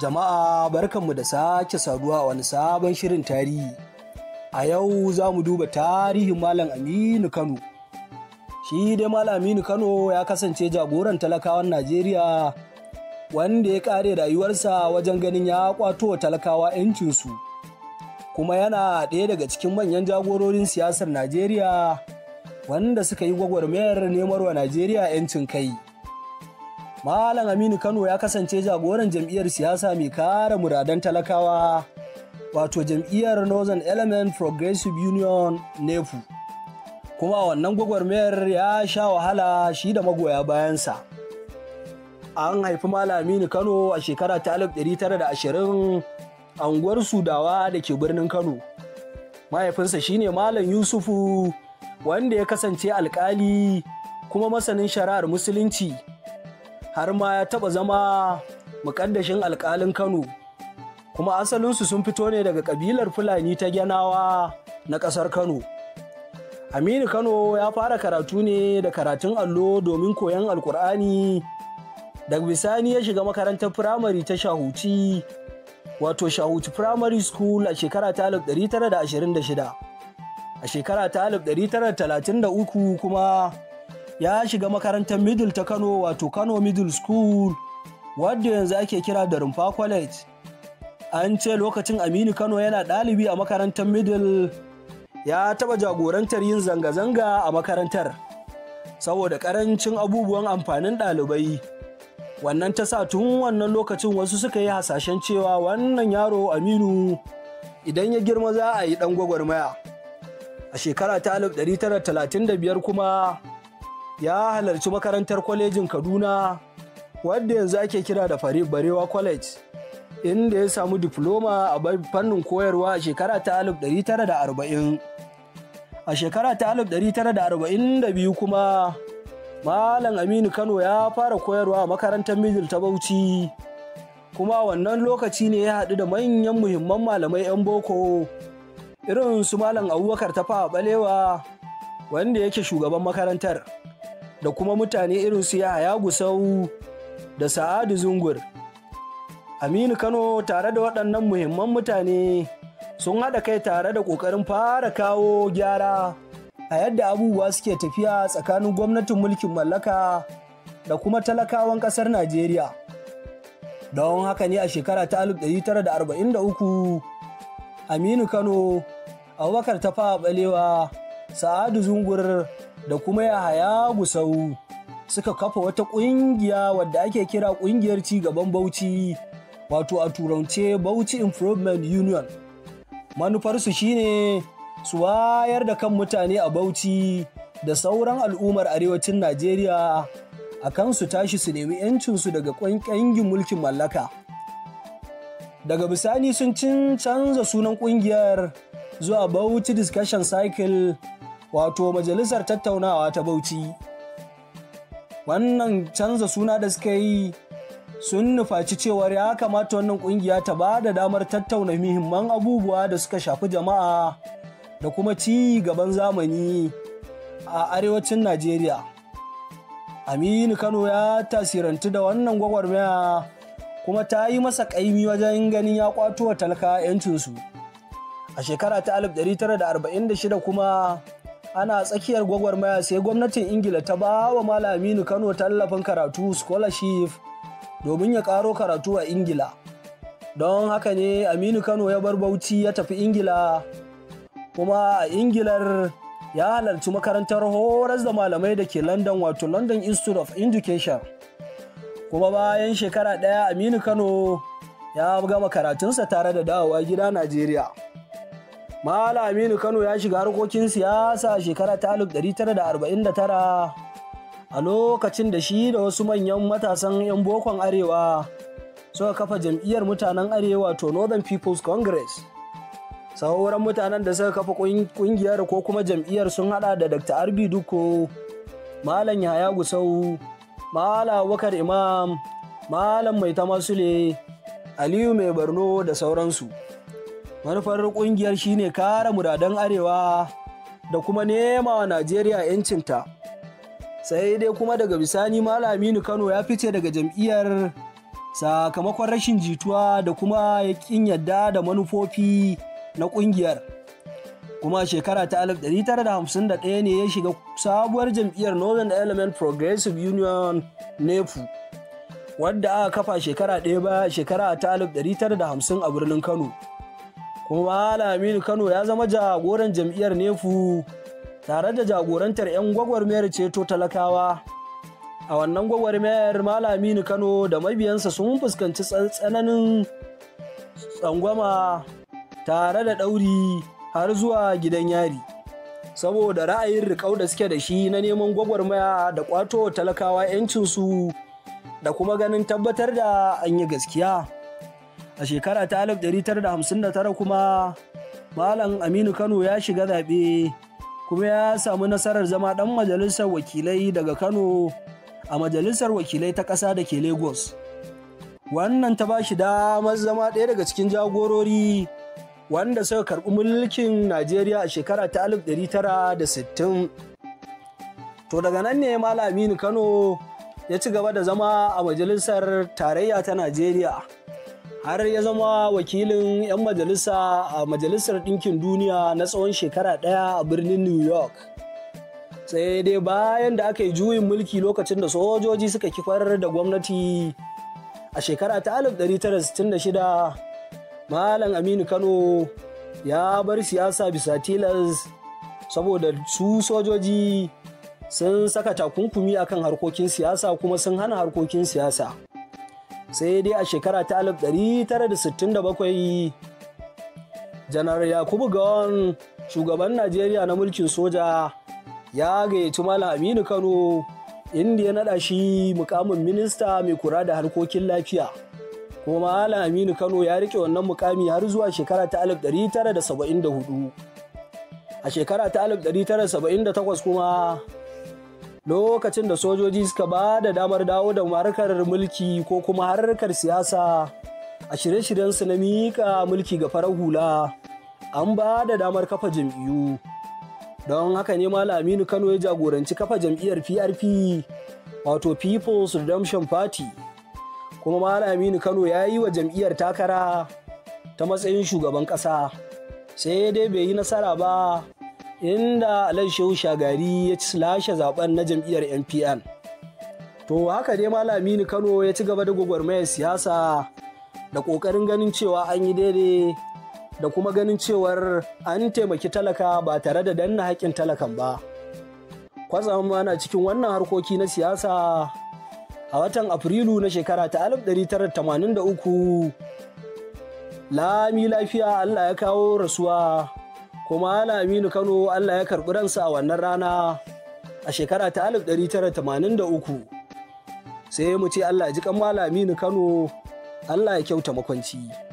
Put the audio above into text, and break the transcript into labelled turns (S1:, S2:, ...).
S1: Jama'a barkanmu da sake saduwa a wani sabon shirin tarihi. A yau za mu duba tarihin Malam Aminu Kano. Shi dai Malam Aminu Kano ya kasance jagoran talakawan Najeriya wanda ya kare rayuwarsa wajen ganin ya kwato wa talakawa 'yancinsu. Kuma yana ɗaya daga cikin manyan jagororin siyasar Najeriya wanda suka yi gwagwarmayar nemarwa Najeriya 'yancin kai. Malam Aminu Kano ya kasance jagoran jam'iyyar siyasa mai kare muradan talakawa wato jam'iyyar Northern Element Progressive Union NEPU. Kuma wannan gwagwarmayar ya sha wahala shi da magoya bayansa. An haifi Malam Aminu Kano a shekara ta 1920 a unguwar Sudawa da ke birnin Kano. Mahaifinsa shine Malam Yusufu wanda ya kasance alkali kuma masanin shari'ar Musulunci. har ma ya taɓa zama muƙaddashin alkalin Kano kuma asalinsu sun fito ne daga ƙabilar Fulani ta Gyanawa na ƙasar Kano. Aminu Kano ya fara karatu ne da karatun allo domin koyon alkur'ani daga bisani ya shiga makarantar firamare ta Shahuci wato Shahuci Primary School a shekara ta 1926. A shekara ta 1933 kuma ya shiga makarantar middle ta kano wato kano middle school wadda yanzu ake kira da rumfa college an ce lokacin aminu kano yana ɗalibi a makarantar middle ya taɓa jagorantar yin zanga-zanga a makarantar saboda ƙarancin abubuwan amfanin ɗalibai wannan ta sa tun wannan lokacin wasu suka yi hasashen cewa wannan yaro aminu idan ya girma za a yi ɗan gwagwarmaya a shekara ta 1935 kuma ya halarci makarantar kwalejin kaduna wadda yanzu ake kira da barewa college inda ya samu diploma a fannin koyarwa a shekara ta 1940 a shekara ta 1942 kuma malam aminu kano ya fara koyarwa a makarantar mijil ta bauchi kuma wannan lokaci ne ya haɗu da manyan muhimman malamai 'yan boko irin su malam abubakar ta tafa balewa wanda yake shugaban makarantar da kuma mutane irin su Yahaya Gusau da Sa'adu Zungur. Aminu Kano tare da waɗannan muhimman mutane sun haɗa kai tare da ƙoƙarin fara kawo gyara a yadda abubuwa suke tafiya tsakanin gwamnatin mulkin mallaka da kuma talakawan ƙasar Najeriya. Don haka ne a shekara ta 1943 Aminu Kano, Abubakar fa ɓalewa Sa'adu Zungur da kuma Yahaya Gusau suka kafa wata ƙungiya wadda ake kira ƙungiyar ci gaban Bauchi wato a turance Bauchi Improvement Union. Manufarsu shine su wayar da kan mutane a Bauchi da sauran al'ummar arewacin Najeriya a kan su tashi su nemi 'yancinsu daga ƙangin mulkin mallaka. Daga bisani sun cin canza sunan ƙungiyar zuwa Bauchi Discussion Cycle wato majalisar tattaunawa ta bauchi wannan canza suna da suka yi sun nufaci cewar ya kamata wannan kungiya ta ba da damar tattauna muhimman abubuwa da suka shafi jama'a da kuma ci gaban zamani a arewacin najeriya aminu kano ya tasirantu da wannan gwagwarmaya kuma ta yi masa kaimi wajen ganin ya kwato wa talaka 'yancinsu a shekara ta 1946 kuma ana tsakiyar gwagwarmaya sai gwamnatin ingila ta bawa wa malam aminu kano tallafin karatu scholarship domin ya karo karatu a ingila don haka ne aminu kano ya bar bauchi ya tafi ingila kuma a ingilar ya halarci makarantar horas da malamai da ke london wato london institute of education kuma bayan shekara ɗaya aminu kano ya gama karatunsa tare da dawowa gida najeriya Malam Aminu Kano ya shiga harkokin siyasa shekara ta 1949 a lokacin da shi da wasu manyan matasan 'yan bokon arewa suka kafa jam'iyyar mutanen arewa to Northern People's Congress. Sauran mutanen da suka kafa kungiyar ko kuma jam'iyyar sun hada da Dr. Arbi Duko, Malam Yahaya Gusau, Malam Wakar Imam, Malam Maitama Sule, Aliyu Mai Barno da sauransu. manufar ƙungiyar shine kare muradan arewa da kuma nema wa najeriya 'yancinta sai dai kuma daga bisani malaminu kano ya fice daga jam'iyyar sakamakon rashin jituwa da kuma yakin yadda da manufofi na ƙungiyar kuma shekara ta 1951 ne ya shiga sabuwar jam'iyyar northern element progressive union nefu wadda aka kafa shekara ɗaya ba shekara ta 1950 a birnin kano kuma Malam Aminu Kano ya zama jagoran jam'iyyar Nefu tare da jagorantar 'yan gwagwarmayar ceto talakawa. A wannan gwagwarmayar Malam Aminu Kano da mabiyansa sun fuskanci tsananin tsangwama tare da ɗauri har zuwa gidan yari. Saboda ra'ayin riƙau da suke da shi na neman gwagwarmaya da ƙwato talakawa 'yancinsu da kuma ganin tabbatar da an yi gaskiya. a shekara ta 1959 kuma malam aminu kano ya shiga zaɓe kuma ya samu nasarar zama ɗan majalisar wakilai daga kano a majalisar wakilai ta ƙasa da ke lagos wannan ta ba shi damar zama ɗaya daga cikin jagorori wanda suka karɓi mulkin najeriya a shekara ta 1960 to daga nan ne malam aminu kano ya ci gaba da zama a majalisar tarayya ta najeriya har ya zama wakilin 'yan majalisa a majalisar ɗinkin duniya na tsawon shekara ɗaya a birnin new york sai dai bayan da aka yi juyin mulki lokacin da sojoji suka kifar da gwamnati a shekara ta 1966 malam aminu kano ya bar siyasa bisa tilas saboda su sojoji sun saka takunkumi akan harkokin siyasa kuma sun hana harkokin siyasa sai dai a shekara ta 1967 janar yakubu gawon shugaban najeriya na mulkin soja ya gayyaci malam aminu kano inda ya naɗa shi mukamin minista mai kura da harkokin lafiya kuma malam aminu kano ya rike wannan mukami har zuwa shekara ta 1974 a shekara ta 1978 kuma lokacin da sojoji suka ba da damar dawo da harkar mulki ko kuma harkar siyasa a shirye shiryen su na miƙa mulki ga farar hula an ba da damar kafa jam'iyyu don haka ne malam aminu kano ya jagoranci kafa jam'iyyar prp wato people's redemption party kuma malam aminu kano ya yi wa jam'iyyar takara ta matsayin shugaban ƙasa sai dai bai yi nasara ba inda Alhaji Shehu Shagari ya ci lashe zaben na jam'iyyar NPN. To haka dai Malami Kano ya ci gaba da gwagwarmayar siyasa da ƙoƙarin ganin cewa an yi daidai da kuma ganin cewar an taimaki talaka ba tare da danna haƙƙin talakan ba. Kwatsam na cikin wannan harkoki na siyasa a watan Afrilu na shekara ta 1983 lami lafiya Allah ya kawo rasuwa kuma ana aminu kano allah ya karɓi ransa a wannan rana a shekara ta 1983 sai mu ce allah ji kan malami ni kano allah ya kyauta makwanci